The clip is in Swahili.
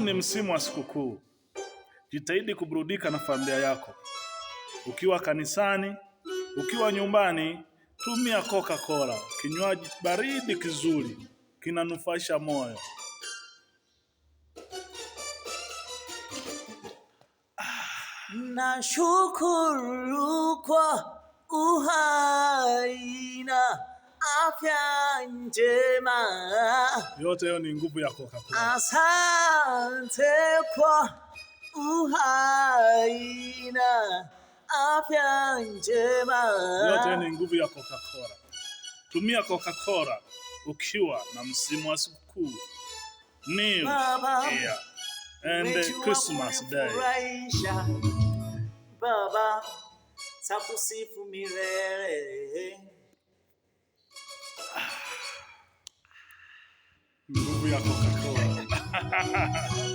Ni msimu wa sikukuu, jitahidi kuburudika na familia yako. Ukiwa kanisani, ukiwa nyumbani, tumia Coca-Cola, kinywaji baridi kizuri, kinanufaisha moyo. Nashukuru kwa uhai afya njema. Yote hiyo ni nguvu ya Coca-Cola. Asante kwa uhai na afya njema. Yote ni nguvu ya Coca-Cola. Tumia Coca-Cola ukiwa na msimu wa sikukuu. New Year and Christmas Day. Baba, takusifu milele. 你都不要做感受了。